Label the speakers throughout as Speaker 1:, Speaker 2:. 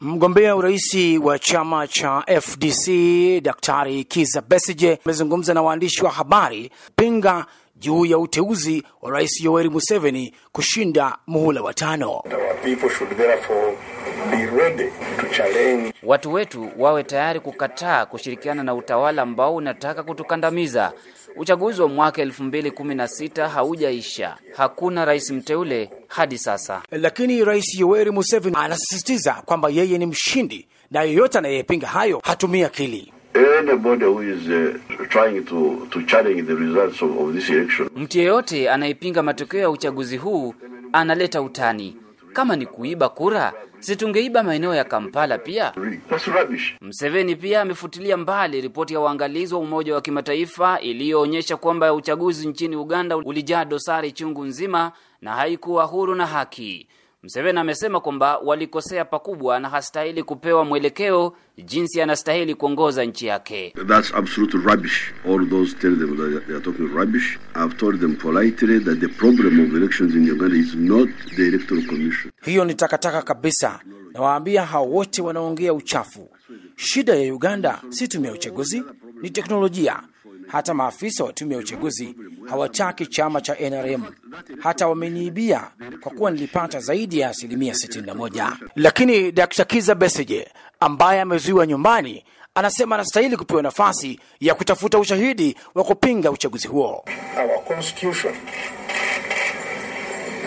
Speaker 1: Mgombea urais wa chama cha FDC Daktari Kiza Besije amezungumza na waandishi wa habari pinga juu ya uteuzi wa Rais Yoweri Museveni kushinda muhula wa tano.
Speaker 2: Watu wetu wawe tayari kukataa kushirikiana na utawala ambao unataka kutukandamiza. Uchaguzi wa mwaka 2016 haujaisha. Hakuna rais mteule hadi sasa.
Speaker 1: Lakini Rais Yoweri Museveni anasisitiza kwamba yeye ni mshindi na yeyote anayepinga hayo hatumii akili.
Speaker 2: Uh, Mtu yeyote anayepinga matokeo ya uchaguzi huu analeta utani kama ni kuiba kura, situngeiba maeneo ya Kampala pia. Mseveni pia amefutilia mbali ripoti ya waangalizi wa Umoja wa Kimataifa iliyoonyesha kwamba uchaguzi nchini Uganda ulijaa dosari chungu nzima na haikuwa huru na haki. Mseveni amesema kwamba walikosea pakubwa na hastahili kupewa mwelekeo jinsi anastahili kuongoza nchi yake. That's absolute rubbish. All those tell them that they are talking rubbish. I've told them politely that the problem of elections in Uganda is not the electoral commission. Hiyo ni takataka kabisa.
Speaker 1: Nawaambia hao wote wanaongea uchafu. Shida ya Uganda si tume ya uchaguzi, ni teknolojia hata maafisa wa tume ya uchaguzi hawataki chama cha NRM, hata wameniibia kwa kuwa nilipata zaidi ya asilimia 61. Lakini Dr. Kiza Besige ambaye amezuiwa nyumbani anasema anastahili kupewa nafasi ya kutafuta ushahidi wa kupinga uchaguzi huo. Our constitution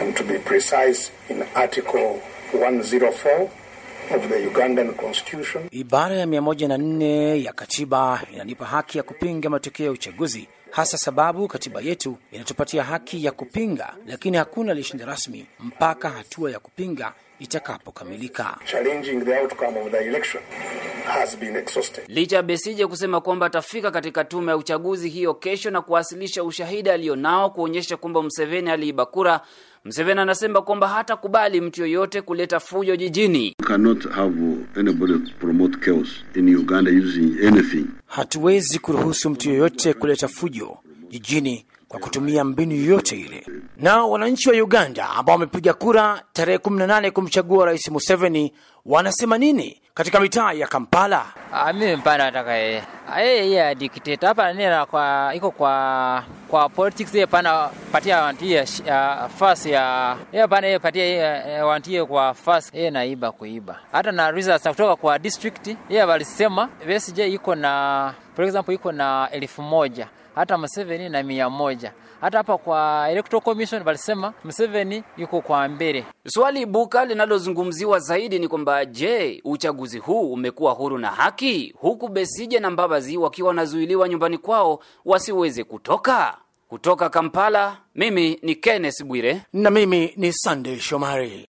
Speaker 1: and to be precise in article 104 of the Ugandan Constitution. Ibara ya 104 ya katiba inanipa haki ya kupinga matokeo ya uchaguzi, hasa sababu katiba yetu inatupatia haki ya kupinga, lakini hakuna lishinda rasmi mpaka hatua ya kupinga itakapokamilika. Challenging the outcome of the election has been exhausted.
Speaker 2: Licha ya Besije kusema kwamba atafika katika tume ya uchaguzi hiyo kesho na kuwasilisha ushahidi aliyonao kuonyesha kwamba Mseveni aliiba kura, Mseveni anasema kwamba hatakubali mtu yoyote kuleta fujo jijini. Uh, Hatuwezi kuruhusu
Speaker 1: mtu yoyote kuleta fujo jijini kwa kutumia mbinu yoyote ile. Na wananchi wa Uganda ambao wamepiga kura tarehe 18 kumchagua Rais Museveni wanasema
Speaker 3: nini katika mitaa
Speaker 1: ya Kampala.
Speaker 3: Ah, mimi mpana nataka yeye ah, yeye adikteta hapa nina kwa iko kwa kwa politics yeye pana patia wantie uh, fasi ya yeye pana yeye patia uh, eh, wantie kwa fasi yeye naiba kuiba hata na results kutoka kwa district yeye walisema BSJ iko na for example iko na elfu moja hata Museveni na mia moja. Hata hapa kwa Electoral Commission walisema Museveni yuko kwa mbele. Swali buka linalozungumziwa zaidi ni kwamba je,
Speaker 2: uchaguzi huu umekuwa huru na haki, huku Besije na Mbabazi wakiwa wanazuiliwa nyumbani kwao wasiweze kutoka? Kutoka Kampala, mimi ni Kenneth Bwire
Speaker 1: na mimi ni Sunday Shomari.